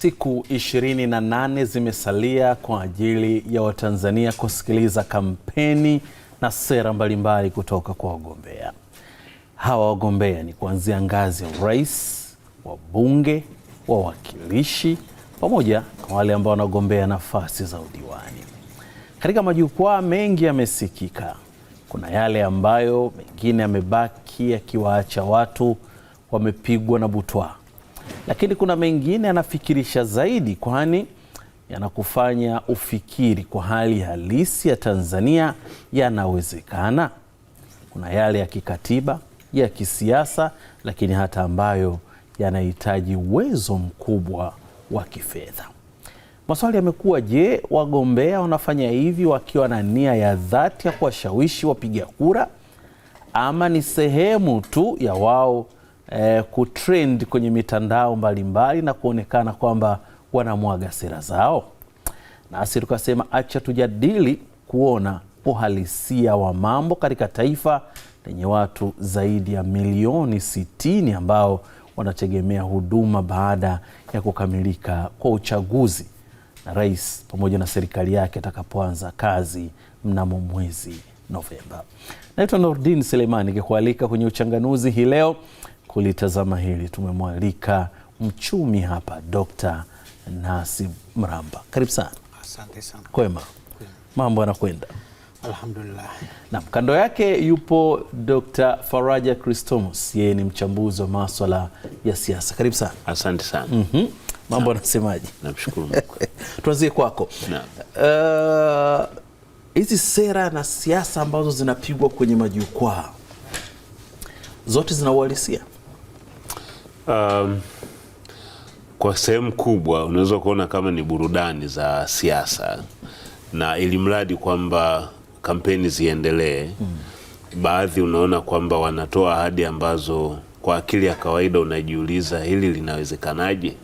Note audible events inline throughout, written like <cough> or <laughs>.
Siku 28 zimesalia kwa ajili ya Watanzania kusikiliza kampeni na sera mbalimbali kutoka kwa wagombea. Hawa wagombea ni kuanzia ngazi ya urais, wabunge, wawakilishi pamoja na wale ambao wanagombea nafasi za udiwani. Katika majukwaa mengi yamesikika kuna yale ambayo mengine yamebaki akiwaacha watu wamepigwa na butwa, lakini kuna mengine yanafikirisha zaidi, kwani yanakufanya ufikiri kwa hali halisi ya Tanzania yanawezekana. Kuna yale ya kikatiba, ya kisiasa, lakini hata ambayo yanahitaji uwezo mkubwa wa kifedha. Maswali yamekuwa je, wagombea wanafanya hivi wakiwa na nia ya dhati ya kuwashawishi wapiga kura ama ni sehemu tu ya wao eh, kutrend kwenye mitandao mbalimbali na kuonekana kwamba wanamwaga sera zao? Nasi tukasema acha tujadili kuona uhalisia wa mambo katika taifa lenye watu zaidi ya milioni 60 ambao wanategemea huduma baada ya kukamilika kwa uchaguzi rais pamoja na serikali yake atakapoanza kazi mnamo mwezi Novemba. Naitwa Nordin Seleman, nikikualika kwenye Uchanganuzi hii leo kulitazama hili. Tumemwalika mchumi hapa Dr. Nasib Mramba, karibu sana. Asante sana. Kwema, mambo yanakwenda? Alhamdulillah. Naam, kando yake yupo Dr. Faraja Christomus, yeye ni mchambuzi wa maswala ya siasa, karibu sana. Asante sana. mm -hmm mambo anasemaje? Namshukuru <laughs> Mungu. Tuanzie kwako uh, hizi uh, sera na siasa ambazo zinapigwa kwenye majukwaa zote zina uhalisia? Um, kwa sehemu kubwa unaweza kuona kama ni burudani za siasa, na ili mradi kwamba kampeni ziendelee mm. Baadhi unaona kwamba wanatoa ahadi ambazo kwa akili ya kawaida unajiuliza hili linawezekanaje?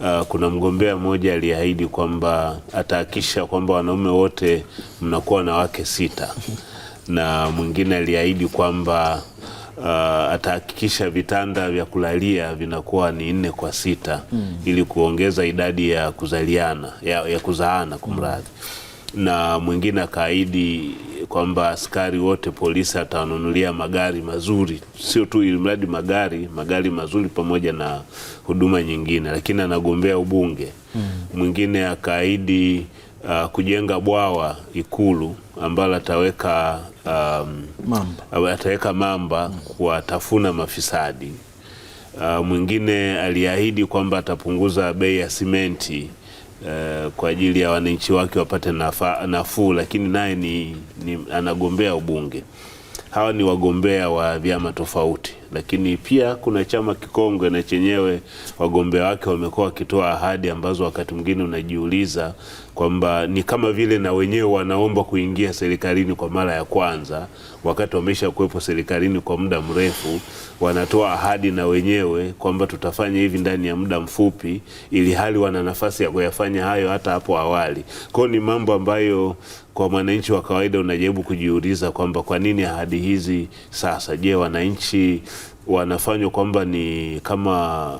uh, kuna mgombea mmoja aliahidi kwamba atahakisha kwamba wanaume wote mnakuwa na wake sita, na mwingine aliahidi kwamba uh, atahakikisha vitanda vya kulalia vinakuwa ni nne kwa sita mm. ili kuongeza idadi ya kuzaliana ya, ya kuzaana kumradhi, hmm. na mwingine akaahidi kwamba askari wote polisi atawanunulia magari mazuri, sio tu ili mradi magari magari mazuri pamoja na huduma nyingine, lakini anagombea ubunge hmm. mwingine akaahidi uh, kujenga bwawa Ikulu ambalo ataweka um, mamba, ataweka mamba mm. kuwatafuna mafisadi. Uh, mwingine aliahidi kwamba atapunguza bei ya simenti Eh, kwa ajili ya wananchi wake wapate nafuu, lakini naye ni, ni anagombea ubunge. Hawa ni wagombea wa vyama tofauti lakini pia kuna chama kikongwe na chenyewe wagombea wake wamekuwa wakitoa ahadi ambazo wakati mwingine unajiuliza kwamba ni kama vile na wenyewe wanaomba kuingia serikalini kwa mara ya kwanza, wakati wamesha kuwepo serikalini kwa muda mrefu. Wanatoa ahadi na wenyewe kwamba tutafanya hivi ndani ya muda mfupi, ili hali wana nafasi ya kuyafanya hayo hata hapo awali. Kwao ni mambo ambayo kwa mwananchi wa kawaida unajaribu kujiuliza kwamba kwa nini ahadi hizi sasa? Je, wananchi wanafanywa kwamba ni kama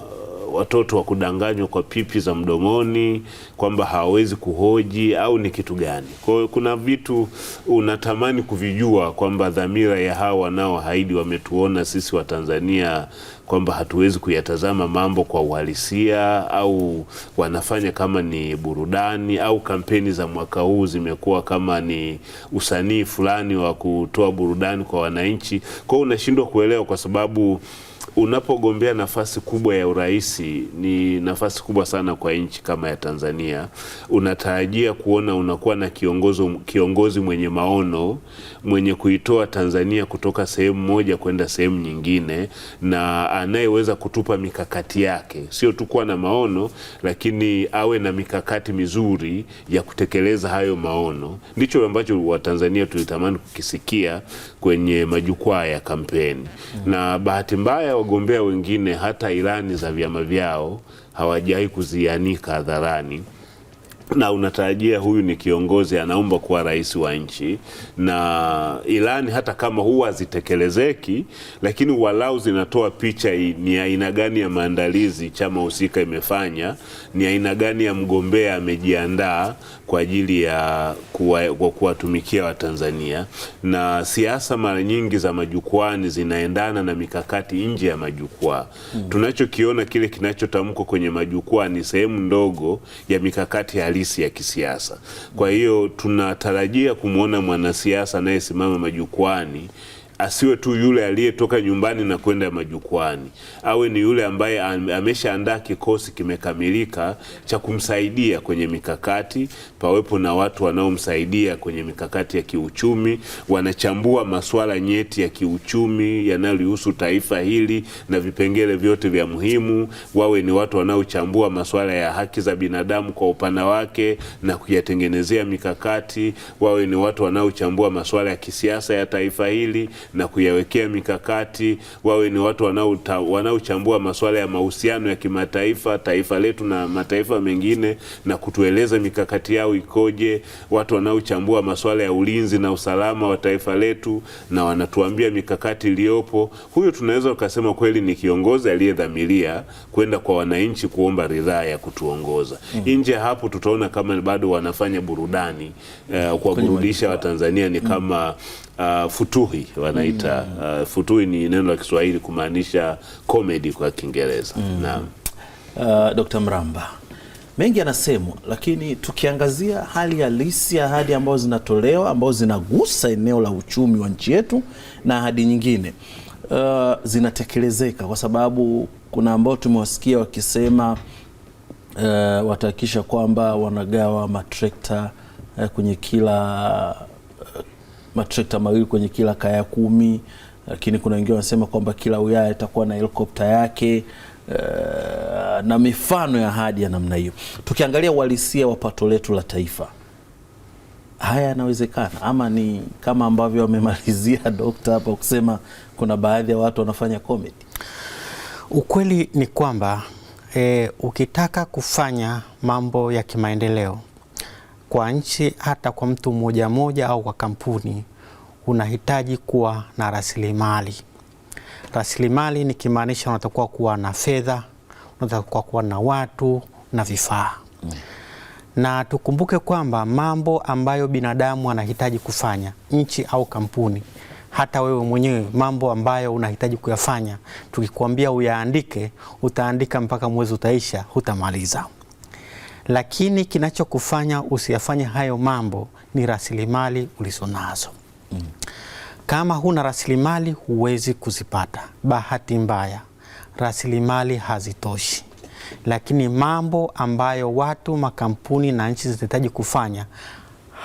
watoto wa kudanganywa kwa pipi za mdomoni, kwamba hawawezi kuhoji au ni kitu gani? Kwa hiyo kuna vitu unatamani kuvijua kwamba dhamira ya hawa haidi wametuona sisi wa Tanzania kwamba hatuwezi kuyatazama mambo kwa uhalisia, au wanafanya kama ni burudani, au kampeni za mwaka huu zimekuwa kama ni usanii fulani wa kutoa burudani kwa wananchi. Kwa hiyo unashindwa kuelewa kwa sababu unapogombea nafasi kubwa ya urais, ni nafasi kubwa sana kwa nchi kama ya Tanzania, unatarajia kuona unakuwa na kiongozo, kiongozi mwenye maono, mwenye kuitoa Tanzania kutoka sehemu moja kwenda sehemu nyingine, na anayeweza kutupa mikakati yake, sio tu kuwa na maono, lakini awe na mikakati mizuri ya kutekeleza hayo maono. Ndicho ambacho Watanzania tulitamani kukisikia kwenye majukwaa ya kampeni mm. Na bahati mbaya wagombea wengine hata ilani za vyama vyao hawajawahi kuzianika hadharani na unatarajia huyu ni kiongozi anaomba kuwa rais wa nchi, na ilani hata kama huwa hazitekelezeki, lakini walau zinatoa picha ni aina gani ya maandalizi chama husika imefanya, ni aina gani ya mgombea amejiandaa kwa ajili ya kuwatumikia Watanzania. Na siasa mara nyingi za majukwani zinaendana na mikakati nje ya majukwaa mm. Tunachokiona kile kinachotamkwa kwenye majukwaa ni sehemu ndogo ya mikakati halisi halisi ya kisiasa. Kwa hiyo tunatarajia kumwona mwanasiasa anayesimama majukwani asiwe tu yule aliyetoka nyumbani na kwenda majukwani, awe ni yule ambaye ameshaandaa kikosi kimekamilika cha kumsaidia kwenye mikakati. Pawepo na watu wanaomsaidia kwenye mikakati ya kiuchumi, wanachambua masuala nyeti ya kiuchumi yanayolihusu taifa hili na vipengele vyote vya muhimu. Wawe ni watu wanaochambua masuala ya haki za binadamu kwa upana wake na kuyatengenezea mikakati. Wawe ni watu wanaochambua masuala ya kisiasa ya taifa hili na kuyawekea mikakati, wawe ni watu wanaochambua masuala ya mahusiano ya kimataifa, taifa letu na mataifa mengine, na kutueleza mikakati yao ikoje, watu wanaochambua masuala ya ulinzi na usalama wa taifa letu, na wanatuambia mikakati iliyopo. Huyo tunaweza ukasema kweli ni kiongozi aliyedhamiria kwenda kwa wananchi kuomba ridhaa ya kutuongoza. Mm-hmm. Nje hapo tutaona kama bado wanafanya burudani uh, eh, kurudisha Watanzania ni mm-hmm. kama Uh, futuhi wanaita mm. uh, futuhi ni neno la Kiswahili kumaanisha comedy kwa Kiingereza. mm. Naam. Uh, Dr. Mramba, mengi yanasemwa, lakini tukiangazia hali halisi ya ahadi ambazo zinatolewa ambazo zinagusa eneo la uchumi wa nchi yetu na ahadi nyingine uh, zinatekelezeka, kwa sababu kuna ambao tumewasikia wakisema uh, watahakikisha kwamba wanagawa matrekta uh, kwenye kila matrekta mawili kwenye kila kaya kumi, lakini kuna wengine wanasema kwamba kila wilaya itakuwa na helikopta yake eh, na mifano ya ahadi ya namna hiyo. Tukiangalia uhalisia wa pato letu la taifa, haya yanawezekana ama ni kama ambavyo wamemalizia <laughs> dokta hapa kusema kuna baadhi ya watu wanafanya komedi? Ukweli ni kwamba e, ukitaka kufanya mambo ya kimaendeleo kwa nchi hata kwa mtu mmoja mmoja au kwa kampuni, unahitaji kuwa na rasilimali. Rasilimali nikimaanisha, unatakuwa kuwa na fedha, unatakuwa kuwa na watu na vifaa mm. Na tukumbuke kwamba mambo ambayo binadamu anahitaji kufanya, nchi au kampuni, hata wewe mwenyewe, mambo ambayo unahitaji kuyafanya, tukikuambia uyaandike, utaandika mpaka mwezi utaisha, hutamaliza lakini kinachokufanya usiyafanye hayo mambo ni rasilimali ulizonazo. Mm. Kama huna rasilimali huwezi kuzipata. Bahati mbaya, rasilimali hazitoshi, lakini mambo ambayo watu, makampuni na nchi zinahitaji kufanya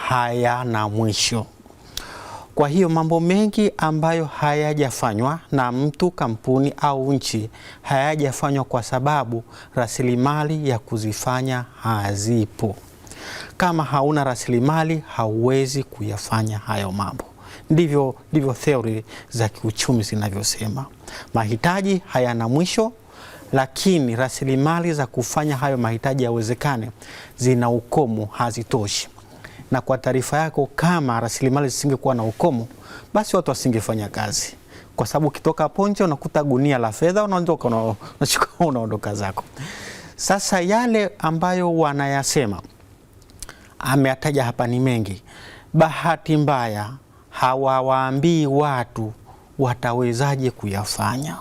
hayana mwisho. Kwa hiyo mambo mengi ambayo hayajafanywa na mtu, kampuni au nchi hayajafanywa kwa sababu rasilimali ya kuzifanya hazipo. Kama hauna rasilimali, hauwezi kuyafanya hayo mambo. Ndivyo ndivyo theory za kiuchumi zinavyosema. Mahitaji hayana mwisho, lakini rasilimali za kufanya hayo mahitaji yawezekane zina ukomo, hazitoshi na kwa taarifa yako, kama rasilimali zisingekuwa na ukomo, basi watu wasingefanya kazi, kwa sababu ukitoka ponje unakuta gunia la fedha, unaondoka unachukua, <laughs> unaondoka zako. Sasa yale ambayo wanayasema ameataja hapa ni mengi. Bahati mbaya hawawaambii watu watawezaje kuyafanya.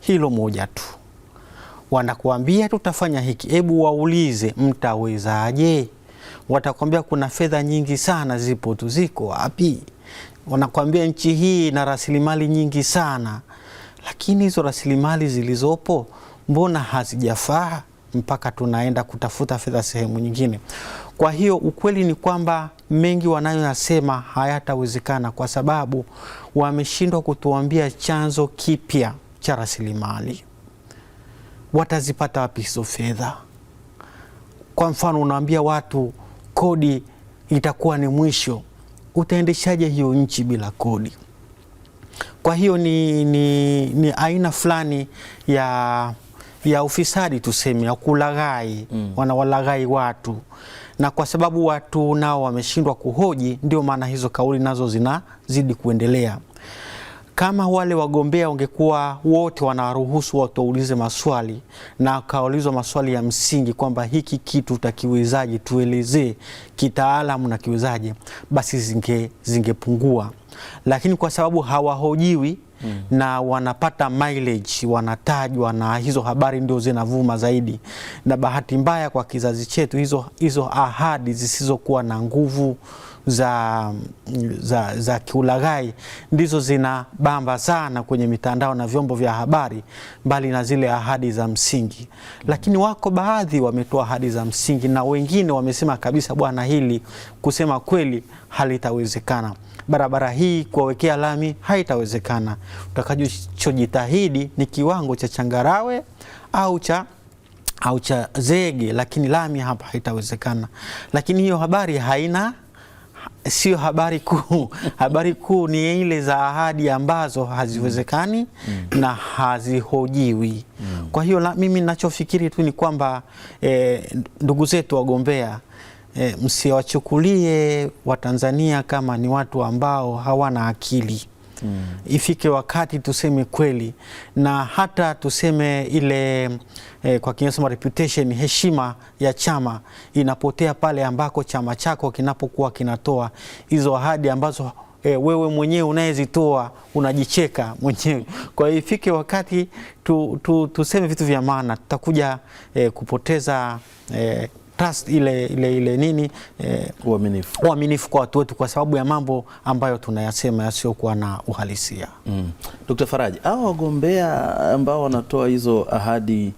Hilo moja tu, wanakuambia tutafanya hiki. Hebu waulize mtawezaje? watakwambia kuna fedha nyingi sana zipo tu, ziko wapi? Wanakwambia nchi hii ina rasilimali nyingi sana, lakini hizo rasilimali zilizopo mbona hazijafaa mpaka tunaenda kutafuta fedha sehemu nyingine? Kwa hiyo ukweli ni kwamba mengi wanayoyasema hayatawezekana kwa sababu wameshindwa kutuambia chanzo kipya cha rasilimali. Watazipata wapi hizo fedha? Kwa mfano unaambia watu kodi itakuwa ni mwisho, utaendeshaje hiyo nchi bila kodi? Kwa hiyo ni, ni, ni aina fulani ya, ya ufisadi tuseme, ya kulaghai mm. Wanawalaghai watu na kwa sababu watu nao wameshindwa kuhoji, ndio maana hizo kauli nazo zinazidi kuendelea kama wale wagombea wangekuwa wote wanaruhusu watu waulize maswali na wakaulizwa maswali ya msingi kwamba hiki kitu utakiwezaje, tuelezee kitaalamu na kiwezaje, basi zinge zingepungua, lakini kwa sababu hawahojiwi Hmm. Na wanapata mileage, wanatajwa na hizo habari ndio zinavuma zaidi, na bahati mbaya kwa kizazi chetu hizo, hizo ahadi zisizokuwa na nguvu za, za, za kiulaghai ndizo zinabamba sana kwenye mitandao na vyombo vya habari, mbali na zile ahadi za msingi. Lakini wako baadhi wametoa ahadi za msingi na wengine wamesema kabisa, bwana, hili kusema kweli halitawezekana barabara hii kuwawekea lami haitawezekana. Utakachojitahidi ni kiwango cha changarawe au cha au cha zege, lakini lami hapa haitawezekana. Lakini hiyo habari haina Sio habari kuu. <laughs> Habari kuu ni ile za ahadi ambazo haziwezekani mm. na hazihojiwi mm. Kwa hiyo la, mimi ninachofikiri tu ni kwamba eh, ndugu zetu wagombea e, msiwachukulie Watanzania kama ni watu ambao hawana akili mm. Ifike wakati tuseme kweli na hata tuseme ile eh, kwa Kiingereza reputation, heshima ya chama inapotea pale ambako chama chako kinapokuwa kinatoa hizo ahadi ambazo E, wewe mwenyewe unayezitoa unajicheka mwenyewe. Kwa hiyo ifike wakati tu, tu, tuseme vitu vya maana, tutakuja e, kupoteza e, trust ile, ile, ile nini eh, uaminifu, uaminifu kwa watu wetu kwa sababu ya mambo ambayo tunayasema yasiyokuwa na uhalisia mm. Dr. Faraji, hao wagombea ambao wanatoa hizo ahadi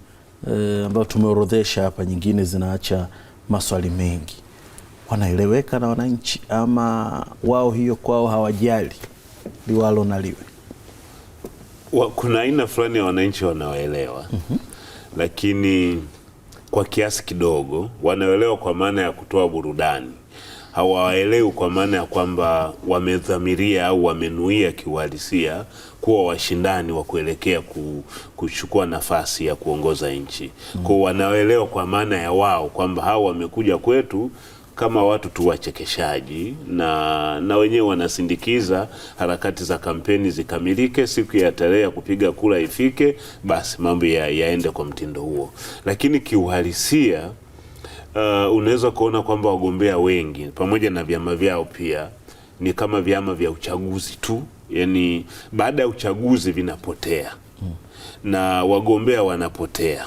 eh, ambayo tumeorodhesha hapa, nyingine zinaacha maswali mengi, wanaeleweka na wananchi ama wao hiyo kwao hawajali liwalo na liwe? Kuna aina fulani ya wananchi wanaoelewa mm -hmm. lakini kwa kiasi kidogo, wanaelewa kwa maana ya kutoa burudani, hawaelewi kwa maana ya kwamba wamedhamiria au wamenuia kiuhalisia kuwa washindani wa kuelekea kuchukua nafasi ya kuongoza nchi. Kwa wanaelewa kwa maana ya wao kwamba hao wamekuja kwetu kama watu tu wachekeshaji na, na wenyewe wanasindikiza harakati za kampeni zikamilike, siku ya tarehe ya kupiga kura ifike, basi mambo ya, yaende kwa mtindo huo, lakini kiuhalisia uh, unaweza kuona kwamba wagombea wengi pamoja na vyama vyao pia ni kama vyama vya uchaguzi tu, yani baada ya uchaguzi vinapotea na wagombea wanapotea.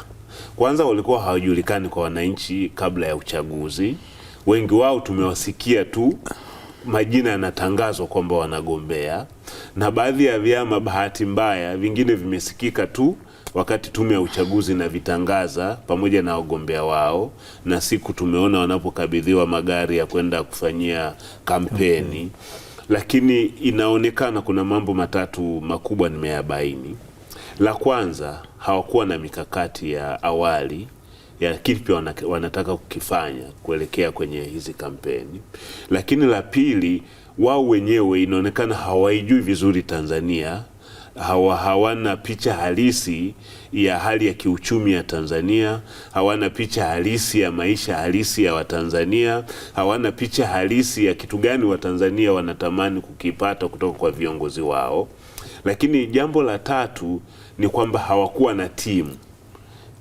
Kwanza walikuwa hawajulikani kwa wananchi kabla ya uchaguzi wengi wao tumewasikia tu majina yanatangazwa kwamba wanagombea, na baadhi ya vyama, bahati mbaya, vingine vimesikika tu wakati tume ya uchaguzi inavitangaza pamoja na wagombea wao, na siku tumeona wanapokabidhiwa magari ya kwenda kufanyia kampeni okay. Lakini inaonekana kuna mambo matatu makubwa nimeyabaini. La kwanza, hawakuwa na mikakati ya awali ya kipi wanataka kukifanya kuelekea kwenye hizi kampeni, lakini la pili, wao wenyewe inaonekana hawaijui vizuri Tanzania hawa hawana picha halisi ya hali ya kiuchumi ya Tanzania, hawana picha halisi ya maisha halisi ya Watanzania, hawana picha halisi ya kitu gani Watanzania wanatamani kukipata kutoka kwa viongozi wao. Lakini jambo la tatu ni kwamba hawakuwa na timu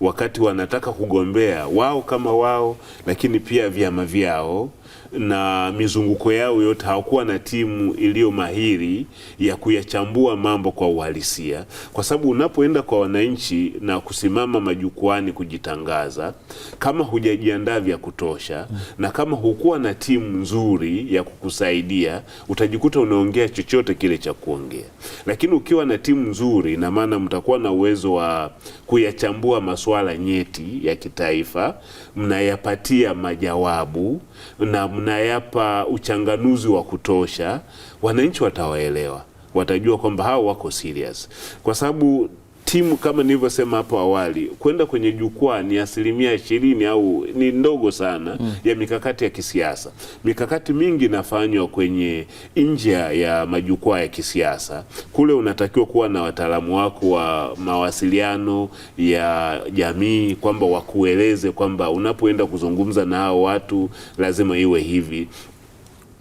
wakati wanataka kugombea wao kama wao, lakini pia vyama vyao na mizunguko yao yote hawakuwa na timu iliyo mahiri ya kuyachambua mambo kwa uhalisia, kwa sababu unapoenda kwa wananchi na kusimama majukwani kujitangaza, kama hujajiandaa vya kutosha na kama hukuwa na timu nzuri ya kukusaidia, utajikuta unaongea chochote kile cha kuongea. Lakini ukiwa na timu nzuri, na maana mtakuwa na uwezo wa kuyachambua masuala nyeti ya kitaifa, mnayapatia majawabu na mnayapa uchanganuzi wa kutosha, wananchi watawaelewa, watajua kwamba hao wako serious, kwa sababu timu kama nilivyosema hapo awali, kwenda kwenye jukwaa ni asilimia ishirini au ni ndogo sana mm. ya mikakati ya kisiasa. Mikakati mingi inafanywa kwenye nje ya majukwaa ya kisiasa. Kule unatakiwa kuwa na wataalamu wako wa mawasiliano ya jamii, kwamba wakueleze kwamba unapoenda kuzungumza na hao watu lazima iwe hivi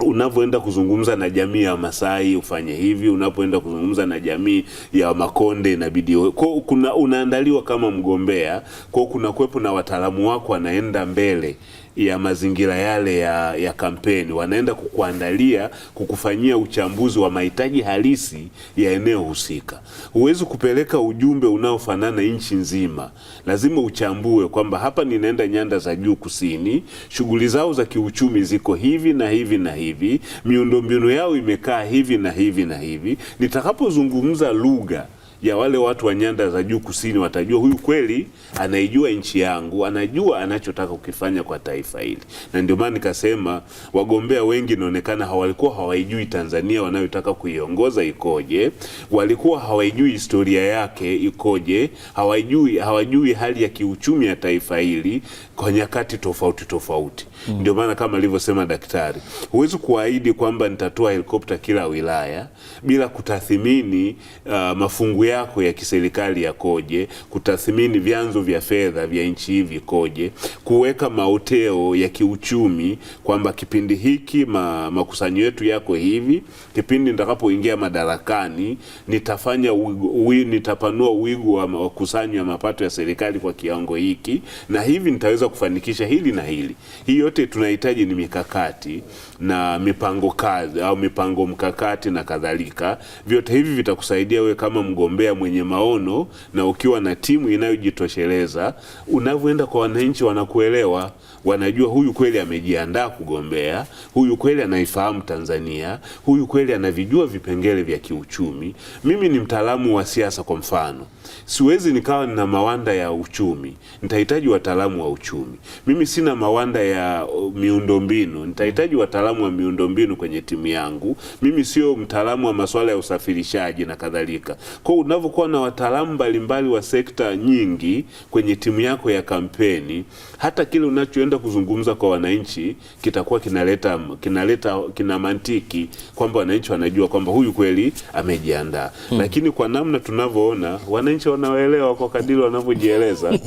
unavyoenda kuzungumza na jamii ya Masai ufanye hivi, unapoenda kuzungumza na jamii ya Makonde inabidi kwa kuna unaandaliwa kama mgombea, kwa kuna kuwepo na wataalamu wako wanaenda mbele ya mazingira yale ya, ya kampeni, wanaenda kukuandalia kukufanyia uchambuzi wa mahitaji halisi ya eneo husika. Huwezi kupeleka ujumbe unaofanana nchi nzima, lazima uchambue kwamba hapa ninaenda nyanda za juu kusini, shughuli zao za kiuchumi ziko hivi na hivi na hivi, miundombinu yao imekaa hivi na hivi na hivi. Nitakapozungumza lugha ya wale watu wa nyanda za juu kusini watajua huyu kweli anaijua nchi yangu, anajua anachotaka kukifanya kwa taifa hili. Na ndio maana nikasema wagombea wengi inaonekana hawalikuwa hawaijui Tanzania wanayotaka kuiongoza ikoje, walikuwa hawaijui historia yake ikoje, hawajui hawajui hali ya kiuchumi ya taifa hili kwa nyakati tofauti tofauti. Hmm. Ndio maana kama alivyosema daktari, huwezi kuahidi kwamba nitatoa helikopta kila wilaya bila kutathimini uh, mafungu yako ya kiserikali yakoje, kutathmini vyanzo vya fedha vya nchi hii vikoje, kuweka maoteo ya kiuchumi kwamba kipindi hiki ma, makusanyo yetu yako hivi, kipindi nitakapoingia madarakani nitafanya wigu, nitapanua wigo wa makusanyo ya mapato ya serikali kwa kiwango hiki na hivi, nitaweza kufanikisha hili na hili. Hii yote tunahitaji ni mikakati na mipango kazi au mipango mkakati na kadhalika. Vyote hivi vitakusaidia we kama mgombea mwenye maono na ukiwa na timu inayojitosheleza, unavyoenda kwa wananchi, wanakuelewa, wanajua huyu kweli amejiandaa kugombea, huyu kweli anaifahamu Tanzania, huyu kweli anavijua vipengele vya kiuchumi. Mimi ni mtaalamu wa siasa, kwa mfano, siwezi nikawa nina mawanda ya uchumi, nitahitaji wataalamu wa uchumi. Mimi sina mawanda ya uh, miundombinu, nitahitaji wataalamu mtaalamu wa miundombinu kwenye timu yangu, mimi sio mtaalamu wa masuala ya usafirishaji na kadhalika. Kwa hiyo unavyokuwa na wataalamu mbalimbali wa sekta nyingi kwenye timu yako ya kampeni, hata kile unachoenda kuzungumza kwa wananchi kitakuwa kinaleta kinaleta kina mantiki kwamba wananchi wanajua kwamba huyu kweli amejiandaa. Hmm. Lakini kwa namna tunavyoona wananchi wanaelewa kwa kadiri wanavyojieleza. <laughs>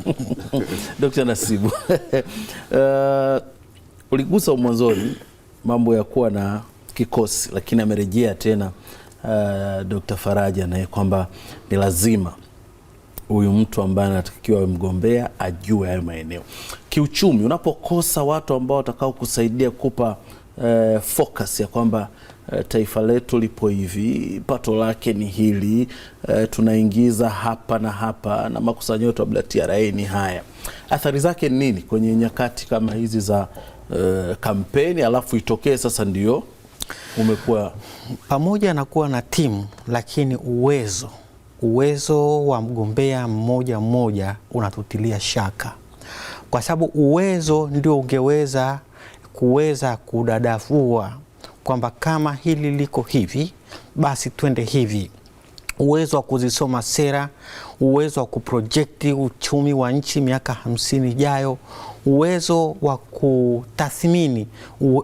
<laughs> Dkt. Nasibu. <laughs> Uh, uligusa mwanzoni mambo ya kuwa na kikosi, lakini amerejea tena uh, Dr. Faraja naye kwamba ni lazima huyu mtu ambaye anatakiwa awe mgombea ajue hayo maeneo. Kiuchumi, unapokosa watu ambao watakao kusaidia kupa uh, focus ya kwamba uh, taifa letu lipo hivi, pato lake ni hili, uh, tunaingiza hapa na hapa na makusanyo yetu ya TRA ni haya, athari zake ni nini kwenye nyakati kama hizi za uh, kampeni alafu itokee sasa ndio umekuwa pamoja na kuwa na timu, lakini uwezo uwezo wa mgombea mmoja mmoja unatutilia shaka, kwa sababu uwezo ndio ungeweza kuweza kudadavua kwamba kama hili liko hivi basi twende hivi. Uwezo wa kuzisoma sera, uwezo wa kuprojekti uchumi wa nchi miaka hamsini ijayo, uwezo wa kutathmini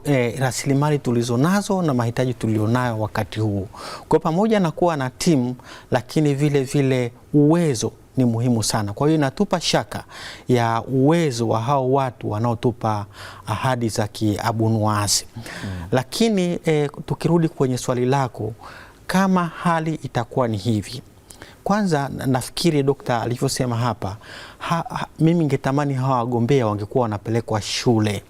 e, rasilimali tulizonazo na mahitaji tulionayo wakati huu. Kwa pamoja na kuwa na timu, lakini vile vile uwezo ni muhimu sana. Kwa hiyo inatupa shaka ya uwezo wa hao watu wanaotupa ahadi za kiabunuasi mm. Lakini e, tukirudi kwenye swali lako, kama hali itakuwa ni hivi kwanza nafikiri dokta alivyosema hapa ha, ha, mimi ningetamani hawa wagombea wangekuwa wanapelekwa shule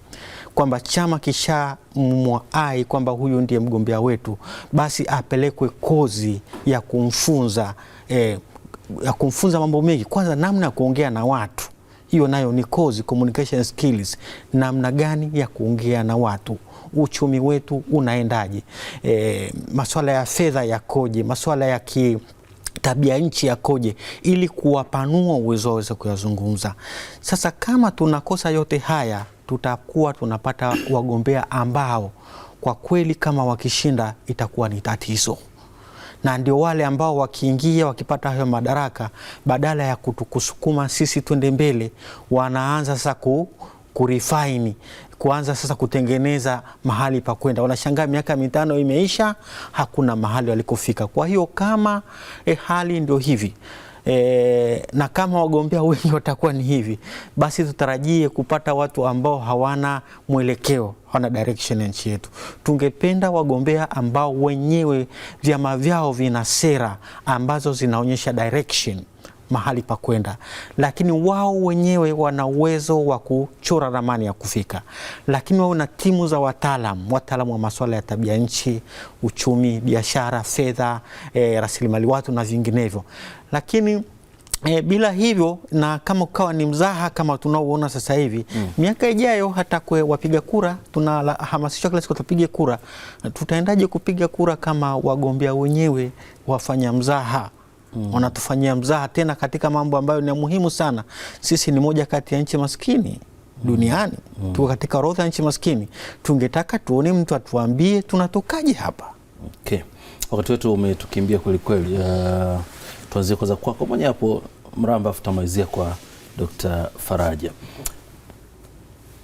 kwamba chama kisha mwai kwamba huyu ndiye mgombea wetu, basi apelekwe kozi ya kumfunza eh, ya kumfunza mambo mengi. Kwanza namna ya kuongea na watu, hiyo nayo ni kozi, communication skills, namna gani ya kuongea na watu uchumi wetu unaendaje? E, eh, masuala ya fedha yakoje? maswala ya ki tabia nchi yakoje, ili kuwapanua uwezo waweze kuyazungumza. Sasa kama tunakosa yote haya, tutakuwa tunapata wagombea ambao kwa kweli kama wakishinda itakuwa ni tatizo, na ndio wale ambao wakiingia wakipata hayo madaraka, badala ya kutukusukuma sisi twende mbele, wanaanza sasa ku, kurifaini kuanza sasa kutengeneza mahali pa kwenda. Wanashangaa miaka mitano imeisha, hakuna mahali walikofika. Kwa hiyo kama eh, hali ndio hivi E, na kama wagombea wengi <laughs> watakuwa ni hivi basi, tutarajie kupata watu ambao hawana mwelekeo, hawana direction ya nchi yetu. Tungependa wagombea ambao wenyewe vyama vyao vina sera ambazo zinaonyesha direction mahali pa kwenda, lakini wao wenyewe wana uwezo wa kuchora ramani ya kufika, lakini wao na timu za wataalam, wataalam wa masuala ya tabia nchi, uchumi, biashara, fedha, e, rasilimali watu na vinginevyo, lakini E, bila hivyo na kama ukawa ni mzaha kama tunaoona sasa hivi mm. Miaka ijayo hata kwa wapiga kura tunahamasishwa kila siku tupige kura, tutaendaje kupiga kura kama wagombea wenyewe wafanya mzaha? mm. wanatufanyia mzaha tena katika mambo ambayo ni muhimu sana. Sisi ni moja kati ya nchi maskini mm. duniani mm. tuko katika orodha ya nchi maskini. Tungetaka tuone mtu atuambie tunatokaje hapa. Okay. Wakati wetu umetukimbia kwelikweli. Uh, tuanzie kwanza kwako mwenye hapo Mramba, afu kwa Dr. Faraja.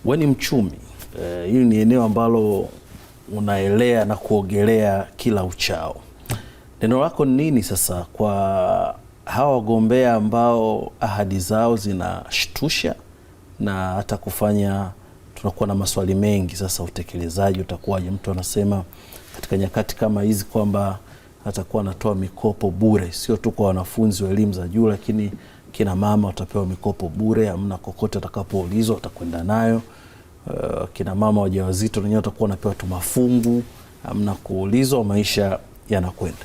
We ni mchumi uh, hili, ni eneo ambalo unaelea na kuogelea kila uchao Neno lako ni nini sasa kwa hawa wagombea ambao ahadi zao zinashtusha na hata kufanya tunakuwa na maswali mengi sasa, utekelezaji utakuwaje? Mtu anasema katika nyakati kama hizi kwamba atakuwa anatoa mikopo bure, sio tu kwa wanafunzi wa elimu za juu, lakini kina mama watapewa mikopo bure, amna kokote atakapoulizwa atakwenda nayo. Uh, kina mama wajawazito wenyewe watakuwa wanapewa tu mafungu, amna kuulizwa, maisha yanakwenda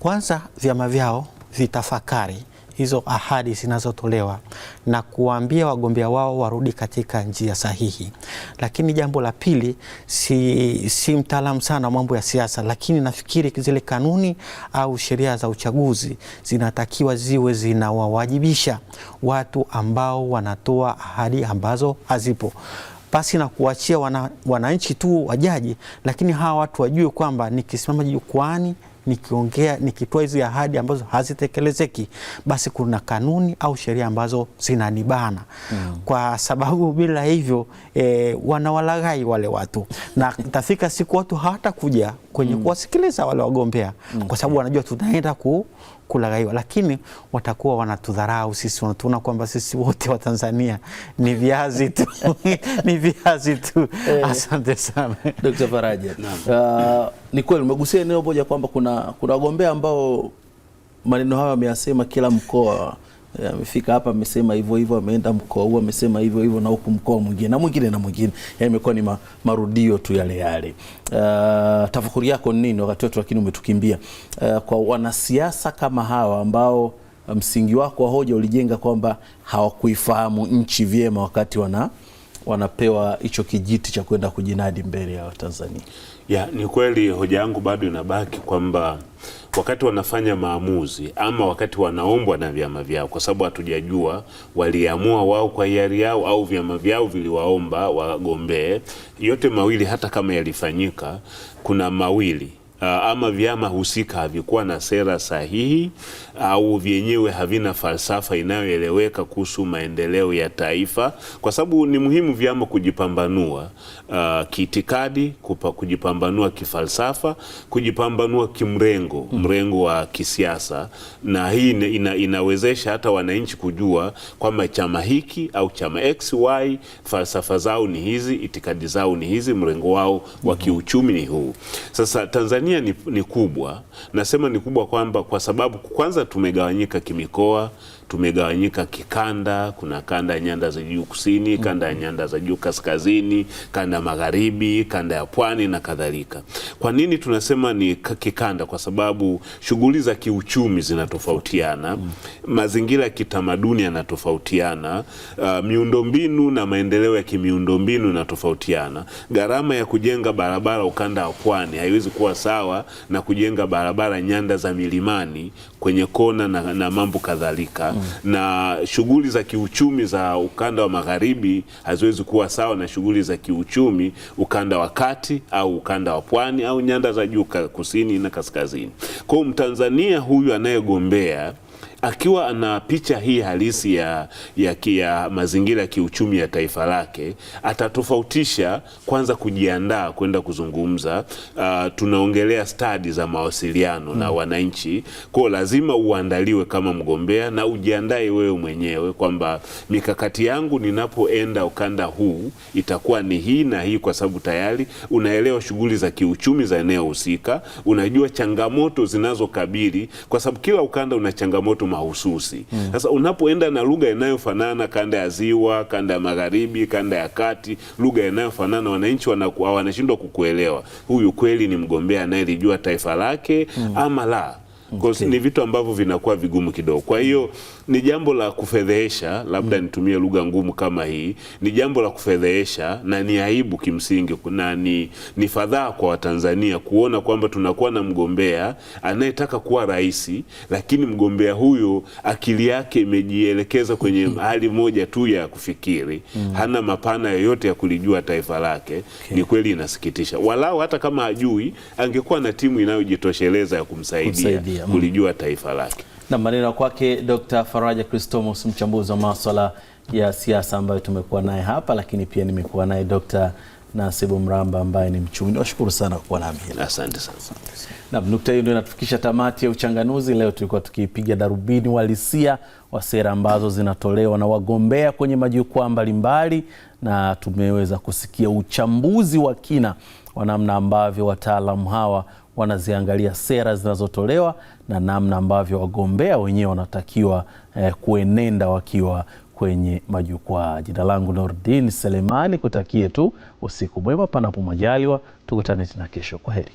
kwanza vyama vyao vitafakari hizo ahadi zinazotolewa na kuwaambia wagombea wao warudi katika njia sahihi. Lakini jambo la pili, si, si mtaalamu sana wa mambo ya siasa, lakini nafikiri zile kanuni au sheria za uchaguzi zinatakiwa ziwe zinawawajibisha watu ambao wanatoa ahadi ambazo hazipo pasi na kuachia wananchi wana tu wajaji, lakini hawa watu wajue kwamba nikisimama jukwani nikiongea, nikitoa hizi ahadi ambazo hazitekelezeki, basi kuna kanuni au sheria ambazo zinanibana mm. kwa sababu bila hivyo e, wanawalaghai wale watu na tafika siku watu hawatakuja kwenye mm. kuwasikiliza wale wagombea mm. kwa sababu wanajua tunaenda ku kulaghaiwa, lakini watakuwa wanatudharau sisi, wanatuona kwamba sisi wote wa Tanzania ni viazi tu <laughs> <laughs> ni viazi tu. Eh. Asante sana Dr. Faraja. Uh, ni kweli umegusia eneo moja kwamba kuna kuna wagombea ambao maneno hayo ameyasema kila mkoa amefika hapa amesema hivyo hivyo, ameenda mkoa huu amesema hivyo hivyo, na huku mkoa mwingine na mwingine na mwingine, yaani imekuwa ni marudio tu yale yale. Uh, tafakuri yako ni nini wakati wetu, lakini umetukimbia. Uh, kwa wanasiasa kama hawa ambao ah, msingi wako wa hoja ulijenga kwamba hawakuifahamu nchi vyema wakati wana wanapewa hicho kijiti cha kwenda kujinadi mbele ya Watanzania. Ya, ni kweli hoja yangu bado inabaki kwamba wakati wanafanya maamuzi ama wakati wanaombwa na vyama vyao, kwa sababu hatujajua waliamua wao kwa hiari yao au vyama vyao viliwaomba wagombee. Yote mawili hata kama yalifanyika, kuna mawili ah, ama vyama husika havikuwa na sera sahihi au vyenyewe havina falsafa inayoeleweka kuhusu maendeleo ya taifa, kwa sababu ni muhimu vyama kujipambanua uh, kiitikadi, kujipambanua kifalsafa, kujipambanua kimrengo, hmm. mrengo wa kisiasa, na hii ina, inawezesha hata wananchi kujua kwamba chama hiki au chama XY falsafa zao ni hizi, itikadi zao ni hizi, mrengo wao wa hmm. kiuchumi ni huu. Sasa Tanzania ni, ni kubwa, nasema ni kubwa kwamba kwa sababu kwanza tumegawanyika kimikoa tumegawanyika kikanda. Kuna kanda ya nyanda za juu kusini, kanda ya nyanda za juu kaskazini, kanda ya magharibi, kanda ya pwani na kadhalika. Kwa nini tunasema ni kikanda? Kwa sababu shughuli za kiuchumi zinatofautiana, mazingira ya kitamaduni yanatofautiana, uh, miundombinu na maendeleo ya kimiundombinu yanatofautiana. Gharama ya kujenga barabara ukanda wa pwani haiwezi kuwa sawa na kujenga barabara nyanda za milimani kwenye kona na, na mambo kadhalika na shughuli za kiuchumi za ukanda wa magharibi haziwezi kuwa sawa na shughuli za kiuchumi ukanda wa kati au ukanda wa pwani au nyanda za juu kusini na kaskazini. Kwa hiyo Mtanzania huyu anayegombea akiwa ana picha hii halisi ya, ya, ya mazingira ya kiuchumi ya taifa lake, atatofautisha kwanza, kujiandaa kwenda kuzungumza. Uh, tunaongelea stadi za mawasiliano mm. na hmm. wananchi, kwao lazima uandaliwe kama mgombea na ujiandae wewe mwenyewe kwamba mikakati yangu ninapoenda ukanda huu itakuwa ni hii na hii, kwa sababu tayari unaelewa shughuli za kiuchumi za eneo husika, unajua changamoto zinazokabili, kwa sababu kila ukanda una changamoto mahususi. Sasa mm. unapoenda na lugha inayofanana kanda ya Ziwa, kanda ya Magharibi, kanda ya Kati, lugha inayofanana, wananchi wanashindwa kukuelewa, huyu kweli ni mgombea anayelijua taifa lake mm. ama la okay. Ni vitu ambavyo vinakuwa vigumu kidogo, kwa hiyo ni jambo la kufedhehesha, labda mm. nitumie lugha ngumu kama hii, ni jambo la kufedhehesha na ni aibu kimsingi, na ni, ni fadhaa kwa Watanzania kuona kwamba tunakuwa na mgombea anayetaka kuwa rais, lakini mgombea huyo akili yake imejielekeza kwenye mm. hali moja tu ya kufikiri mm. hana mapana yoyote ya kulijua taifa lake okay. Ni kweli inasikitisha, walau hata kama hajui angekuwa na timu inayojitosheleza ya kumsaidia, kumsaidia. Mm. kulijua taifa lake. Na maneno kwake Dr. Faraja Christomos, mchambuzi wa maswala ya siasa ambayo tumekuwa naye hapa, lakini pia nimekuwa naye Dr. Nasibu Mramba ambaye ni mchumi. Niwashukuru sana kwa kuwa nami Asante sana. Naam, nukta hiyo ndio inatufikisha tamati ya uchanganuzi leo. Tulikuwa tukipiga darubini uhalisia wa sera ambazo zinatolewa na wagombea kwenye majukwaa mbalimbali, na tumeweza kusikia uchambuzi wa kina wa namna ambavyo wataalamu hawa wanaziangalia sera zinazotolewa na namna ambavyo wagombea wenyewe wanatakiwa eh, kuenenda wakiwa kwenye majukwaa. Jina langu Nordin Selemani, kutakie tu usiku mwema, panapo majaliwa tukutane tena kesho. Kwa heri.